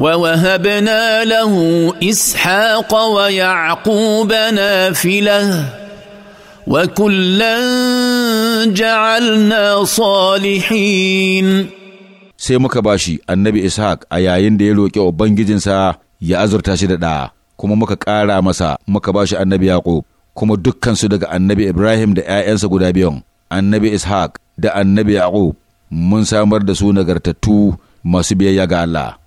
ووهبنا له اسحاق ويعقوب نافله وكلا جعلنا صالحين sai muka bashi annabi ishaq a yayin da ya roƙi ubangijinsa ya azurta shi da ɗa kuma muka ƙara masa muka bashi annabi yaqub kuma dukkansu daga annabi ibrahim da 'ya'yansa guda biyan annabi ishaq da annabi yaqub mun samar da su nagartattu masu biyayya ga allah